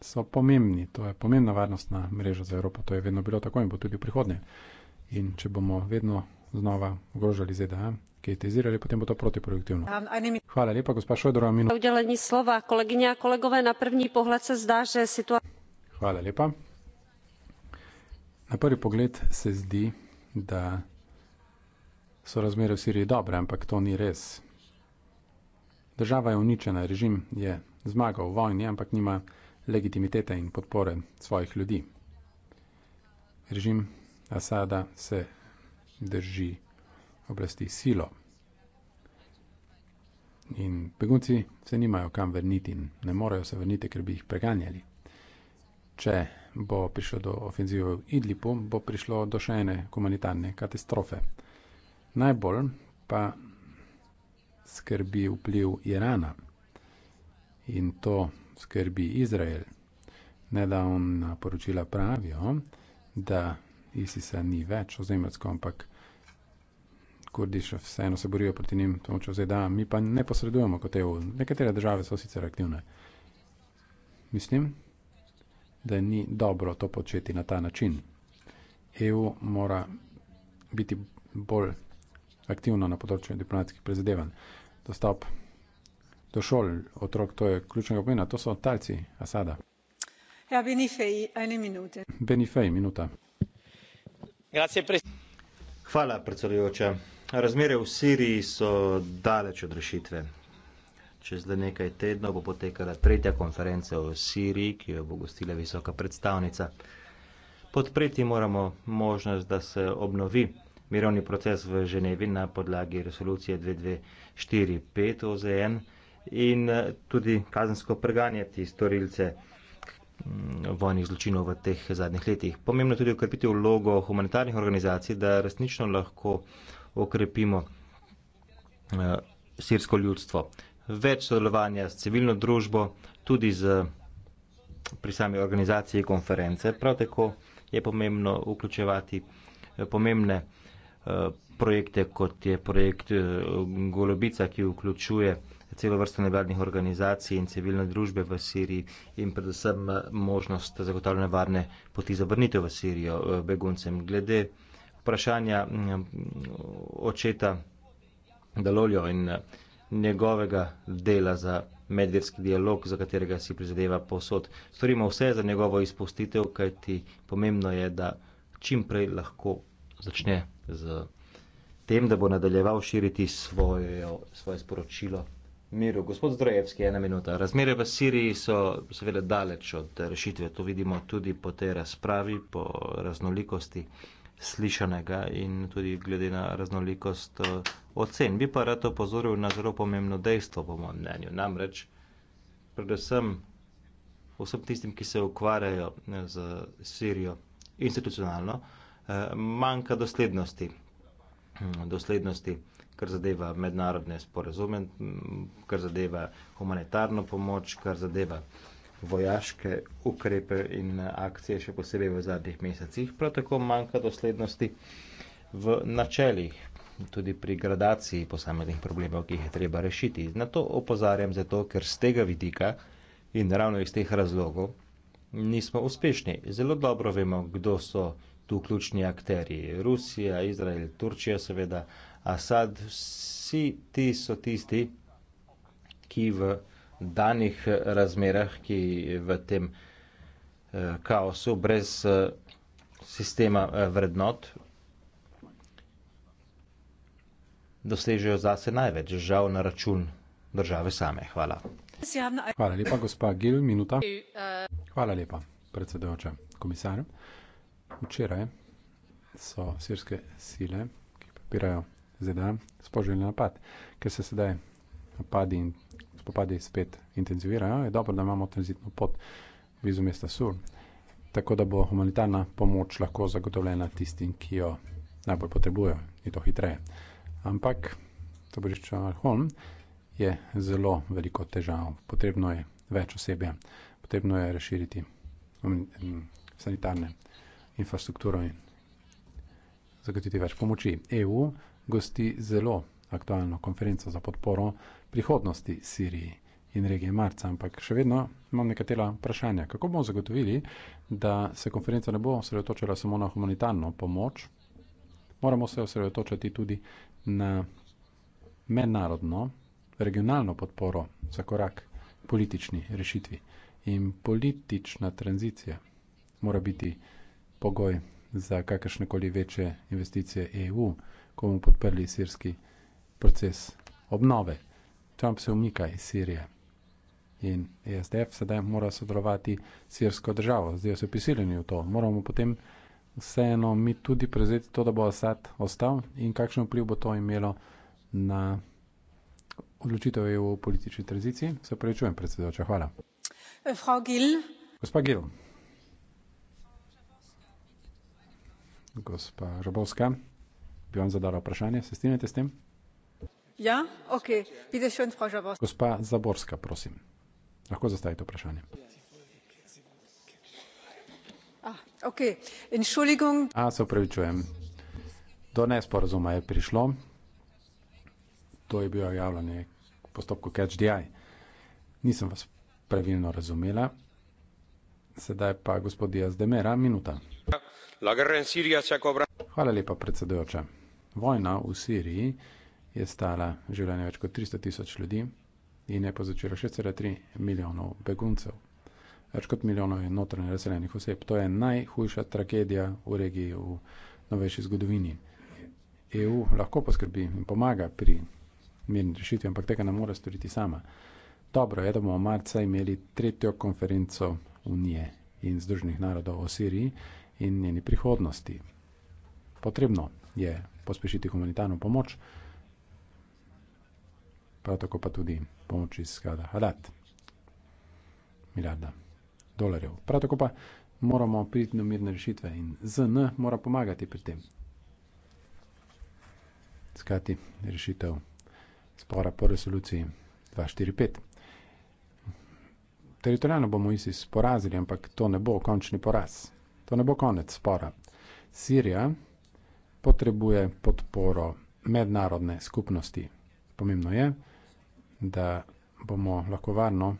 so pomembni, to je pomembna varnostna mreža za Evropo, to je vedno bilo tako in bo tudi v prihodnje. In če bomo vedno znova ogrožali ZDA, kritizirali, potem bo to protiproduktivno. Um, Hvala lepa, gospa Šojdorova. Udelení slova, kolegyně a kolegové, na prvý pohled se zdá, že situace... Hvala lepa. Na prvi pogled se zdi, da so razmere v Siriji dobre, ampak to ni res. Država je uničena, režim je zmagal v vojni, ampak nima legitimitete in podpore svojih ljudi. Režim Asada se drži oblasti silo. In begunci se nimajo kam vrniti in ne morejo se vrniti, ker bi jih preganjali. Če bo prišlo do ofenzive v Idlipu, bo prišlo do še ene humanitarne katastrofe. Najbolj pa skrbi vpliv Irana in to skrbi Izrael. Nedavna poročila pravijo, da ISIS-a ni več ozemljsko, ampak Kurdi še vseeno se borijo proti njim, to moče vzeti, da mi pa ne posredujemo kot EU. Nekatere države so sicer aktivne. Mislim, da ni dobro to početi na ta način. EU mora biti bolj aktivno na področju diplomatskih prizadevanj. Dostop do šol, otrok, to je ključnega pomena, to so talci Asada. Ja, Benifej, ene minute. Benifej, minuta. Hvala, predsedujoča. Razmere v Siriji so daleč od rešitve. Čez le nekaj tednov bo potekala tretja konferenca o Siriji, ki jo bo gostila visoka predstavnica. Podpreti moramo možnost, da se obnovi mirovni proces v Ženevi na podlagi resolucije 2245 OZN in eh, tudi kazensko preganjati storilce mm, vojnih zločinov v teh zadnjih letih. Pomembno je tudi okrepiti vlogo humanitarnih organizacij, da resnično lahko okrepimo uh, sirsko ljudstvo. Več sodelovanja s civilno družbo, tudi z, pri sami organizaciji konference. Prav tako je pomembno vključevati eh, pomembne uh, Eh, projekte, kot je projekt eh, Golobica, ki vključuje celo vrsto nevladnih organizacij in civilne družbe v Siriji in predvsem eh, možnost zagotavljanja varne poti za vrnitev v Sirijo beguncem. Glede vprašanja mm, očeta Daloljo in njegovega dela za medvedski dialog, za katerega si prizadeva posod. Storimo vse za njegovo izpustitev, kajti pomembno je, da čim prej lahko začne z tem, da bo nadaljeval širiti svojo, svoje sporočilo miru. Gospod Zdrojevski, ena minuta. Razmere v Siriji so seveda daleč od rešitve. To vidimo tudi po tej razpravi, po raznolikosti slišanega in tudi glede na raznolikost eh, ocen. Bi pa rad opozoril na zelo pomembno dejstvo, po mojem mnenju. Namreč, predvsem vsem tistim, ki se ukvarjajo eh, z Sirijo institucionalno, Eh, manjka doslednosti. Mm, doslednosti, kar zadeva mednarodne sporazume, mm, kar zadeva humanitarno pomoč, kar zadeva vojaške ukrepe in eh, akcije, še posebej v zadnjih mesecih. Prav tako manjka doslednosti v načelih, tudi pri gradaciji posameznih problemov, ki jih je treba rešiti. Na to opozarjam zato, ker z tega vidika in ravno iz teh razlogov nismo uspešni. Zelo dobro vemo, kdo so tu ključni akteri. Rusija, Izrael, Turčija, seveda, Asad, vsi ti so tisti, ki v danih razmerah, ki v tem eh, kaosu, brez eh, sistema eh, vrednot, dosežejo zase največ, žal na račun države same. Hvala. Hvala lepa, gospa Gil, minuta. Hvala lepa, predsedujoča komisar. Včeraj so sirske sile, ki podpirajo ZDA, spožili napad, ker se sedaj napadi in spopadi spet intenzivirajo. Je dobro, da imamo tranzitno pot blizu mesta Sur, tako da bo humanitarna pomoč lahko zagotovljena tistim, ki jo najbolj potrebujejo in to hitreje. Ampak to božiče Holm je zelo veliko težav. Potrebno je več osebja, potrebno je razširiti um, um, sanitarne infrastrukturo in zagotoviti več pomoči. EU gosti zelo aktualno konferenco za podporo prihodnosti Siriji in regije marca, ampak še vedno imam nekatera vprašanja. Kako bomo zagotovili, da se konferenca ne bo osredotočila samo na humanitarno pomoč, moramo se osredotočiti tudi na mednarodno, regionalno podporo za korak politični rešitvi. In politična tranzicija mora biti pogoj za kakršne koli večje investicije EU, ko bomo podprli sirski proces obnove. Trump se umika iz Sirije in ESDF sedaj mora sodelovati s sirsko državo. Zdaj so prisiljeni v to. Moramo potem vseeno mi tudi prezeti to, da bo Asad ostal in kakšen vpliv bo to imelo na odločitev EU o politični tranziciji. Se prečujem, predsedujoča. Hvala. Frau Gil. Gospa Gil, gospa Žabovska, bi vam zadala vprašanje, se strinjate s tem? Ja, ok, bitte schön, Frau Žabovska. Gospa Zaborska, prosim, lahko zastavite vprašanje. Ah, ok, entschuldigung. A, se upravičujem, do nesporazuma je prišlo, to je bilo javljanje postopku catch the eye. Nisem vas pravilno razumela. Sedaj pa gospod Diaz Demera, minuta. Hvala lepa, predsedujoča. Vojna v Siriji je stala življenje več kot 300 tisoč ljudi in je povzročila 6,3 milijonov beguncev. Več kot milijonov je notranje razseljenih oseb. To je najhujša tragedija v regiji v novejši zgodovini. EU lahko poskrbi in pomaga pri mirni rešitvi, ampak tega ne more storiti sama. Dobro je, da bomo marca imeli tretjo konferenco unije in Združenih narodov o Siriji in njeni prihodnosti. Potrebno je pospešiti humanitarno pomoč, prav tako pa tudi pomoč iz sklada Hadat, milijarda dolarjev. Prav tako pa moramo priti na mirne rešitve in ZN mora pomagati pri tem. Skati rešitev spora po resoluciji 245 teritorijalno bomo ISIS porazili, ampak to ne bo končni poraz. To ne bo konec spora. Sirija potrebuje podporo mednarodne skupnosti. Pomembno je, da bomo lahko varno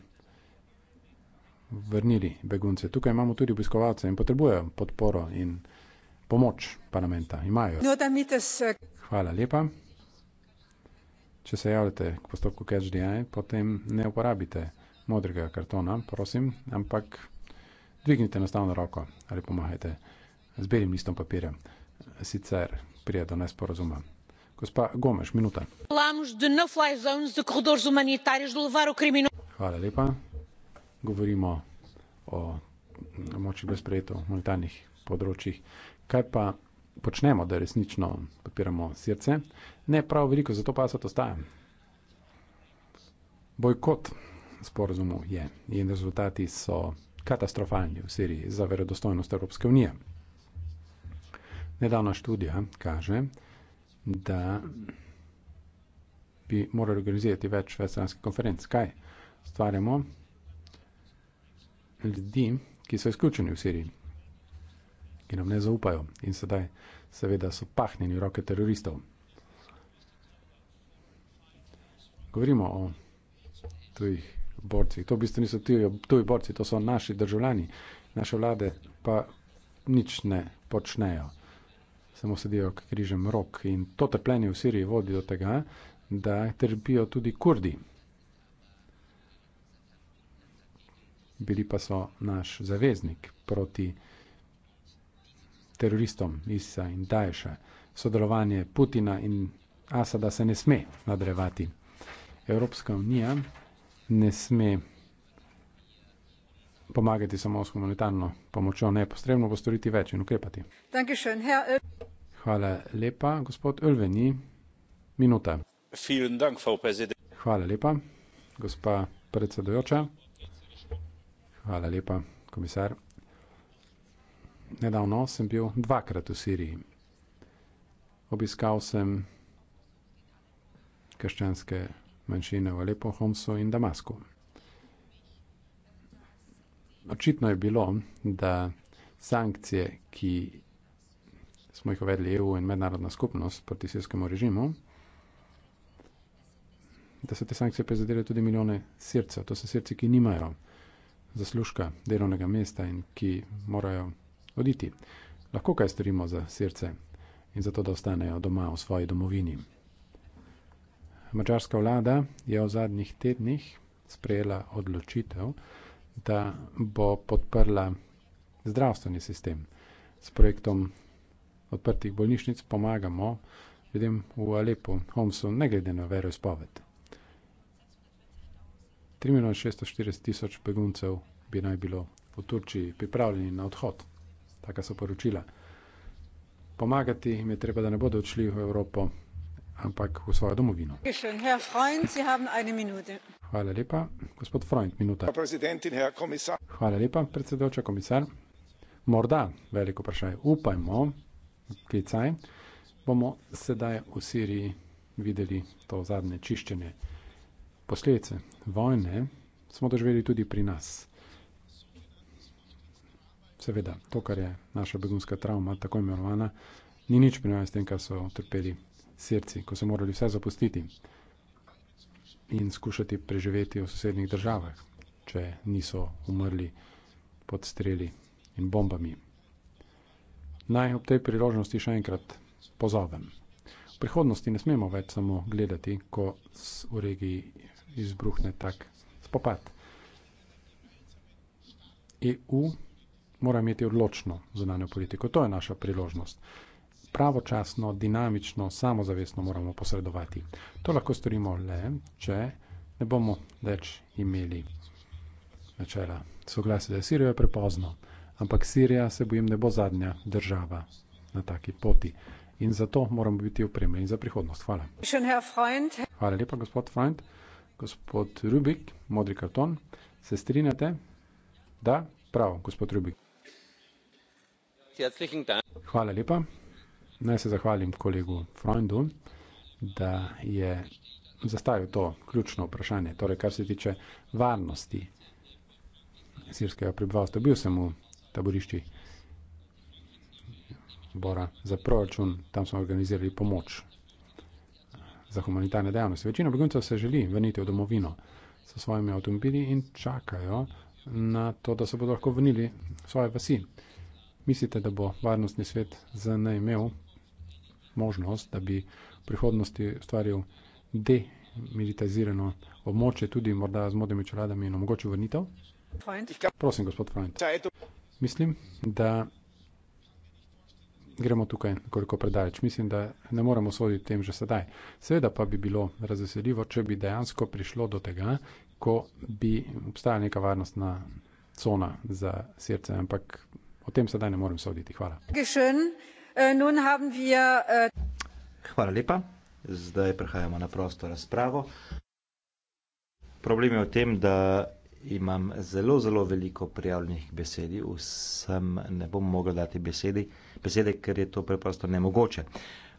vrnili begunce. Tukaj imamo tudi obiskovalce in potrebujejo podporo in pomoč parlamenta. Imajo. No, Hvala lepa. Če se javljate k postopku KHDI, potem ne uporabite modrega kartona, prosim, ampak dvignite enostavno roko ali pomahajte z belim listom papirja, sicer prije do nesporazuma. Gospa Gomeš, minuta. Hvala lepa. Govorimo o moči brez prejetov, humanitarnih področjih. Kaj pa počnemo, da resnično podpiramo srce? Ne prav veliko, zato pa se to staja. Bojkot sporozumu je in rezultati so katastrofalni v Siriji za verodostojnost Evropske unije. Nedavna študija kaže, da bi morali organizirati več veteranskih konferenc. Kaj? Stvarjamo ljudi, ki so izključeni v Siriji, ki nam ne zaupajo in sedaj seveda so pahnjeni roke teroristov. Govorimo o tujih borcih. To v bistvu niso tuji, tuji borci, to so naši državljani, naše vlade pa nič ne počnejo. Samo sedijo k križem rok in to trpljenje v Siriji vodi do tega, da trpijo tudi kurdi. Bili pa so naš zaveznik proti teroristom ISA in Daesha. Sodelovanje Putina in Asada se ne sme nadrevati. Evropska unija ne sme pomagati samo s humanitarno pomočjo, ne, potrebno bo storiti več in ukrepati. Hvala lepa, gospod Ölveni. Minuta. Hvala lepa, gospa predsedojoča. Hvala lepa, komisar. Nedavno sem bil dvakrat v Siriji. Obiskal sem krščanske manjšine v Alepo, Homsu in Damasku. Očitno je bilo, da sankcije, ki smo jih uvedli EU in mednarodna skupnost proti sirskemu režimu, da so te sankcije prizadele tudi milijone sircev. To so sirci, ki nimajo zaslužka delovnega mesta in ki morajo oditi. Lahko kaj storimo za sirce in zato, da ostanejo doma v svoji domovini. Mačarska vlada je v zadnjih tednih sprejela odločitev, da bo podprla zdravstveni sistem. S projektom odprtih bolnišnic pomagamo ljudem v Alepu, Homsu, ne glede na vero izpoved. 3 milijona 640 tisoč beguncev bi naj bilo v Turčiji pripravljeni na odhod. Taka so poročila. Pomagati jim je treba, da ne bodo odšli v Evropo, ampak v svojo domovino. Hvala lepa, gospod Freund, minuta. Hvala lepa, predsedujoča komisar. Morda veliko vprašanje, upajmo, klicaj, bomo sedaj v Siriji videli to zadnje čiščenje. Posledice vojne smo doživeli tudi pri nas. Seveda, to, kar je naša begunska travma, tako imenovana, ni nič primerjava s tem, kar so trpeli Sirci, ko so morali vse zapustiti in skušati preživeti v sosednjih državah, če niso umrli pod streli in bombami. Naj ob tej priložnosti še enkrat pozovem. V prihodnosti ne smemo več samo gledati, ko v regiji izbruhne tak spopad. EU mora imeti odločno zunanjo politiko. To je naša priložnost pravočasno, dinamično, samozavestno moramo posredovati. To lahko storimo le, če ne bomo več imeli načela. Soglasje, da je Sirijo je prepozno, ampak Sirija se bojim ne bo zadnja država na taki poti. In zato moramo biti opremljeni za prihodnost. Hvala. Hvala lepa, gospod Freund. Gospod Rubik, modri karton, se strinjate? Da, prav, gospod Rubik. Hvala lepa. Naj se zahvalim kolegu Freundu, da je zastavil to ključno vprašanje, torej kar se tiče varnosti sirskega prebivalstva. Bil sem v taborišči Bora za proračun, tam smo organizirali pomoč za humanitarne dejavnosti. Večina beguncev se želi vrniti v domovino s svojimi avtomobili in čakajo na to, da se bodo lahko vrnili v svoje vasi. Mislite, da bo varnostni svet za ne imel možnost, da bi v prihodnosti ustvaril demilitarizirano območje, tudi morda z modnimi čeladami in omogočil vrnitev? Prosim, gospod Freund. Mislim, da gremo tukaj nekoliko predaleč. Mislim, da ne moremo soditi tem že sedaj. Seveda pa bi bilo razveseljivo, če bi dejansko prišlo do tega, ko bi obstajala neka varnostna cona za srce, ampak o tem sedaj ne morem soditi. Hvala. Gešen. Eh, eh, Hvala lepa. Zdaj prehajamo na prosto razpravo. Problem je v tem, da imam zelo, zelo veliko prijavljenih besedi. Vsem ne bom mogel dati besedi, besede, ker je to preprosto nemogoče.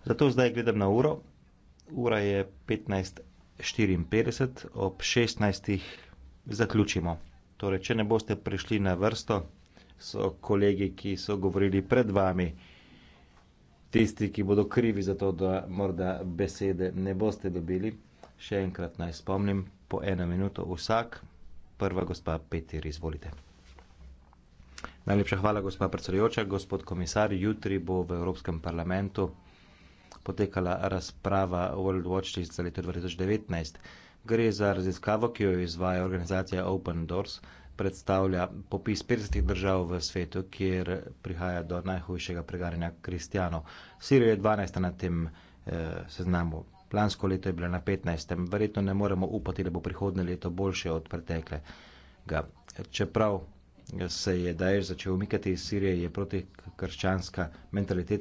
Zato zdaj gledam na uro. Ura je 15.54, ob 16. zaključimo. Torej, če ne boste prišli na vrsto, so kolegi, ki so govorili pred vami tisti, ki bodo krivi za to, da morda besede ne boste dobili. Še enkrat naj spomnim, po eno minuto vsak, prva gospa Petir, izvolite. Najlepša hvala, gospa predsedujoča, gospod komisar. Jutri bo v Evropskem parlamentu potekala razprava World Watch List za leto 2019. Gre za raziskavo, ki jo izvaja organizacija Open Doors predstavlja popis 50 držav v svetu, kjer prihaja do najhujšega preganjanja kristijanov. Sirija je 12. na tem eh, seznamu, lansko leto je bila na 15. Verjetno ne moremo upati, da bo prihodne leto boljše od preteklega. Čeprav se je Daesh začel umikati iz Sirije, je protikrščanska mentaliteta.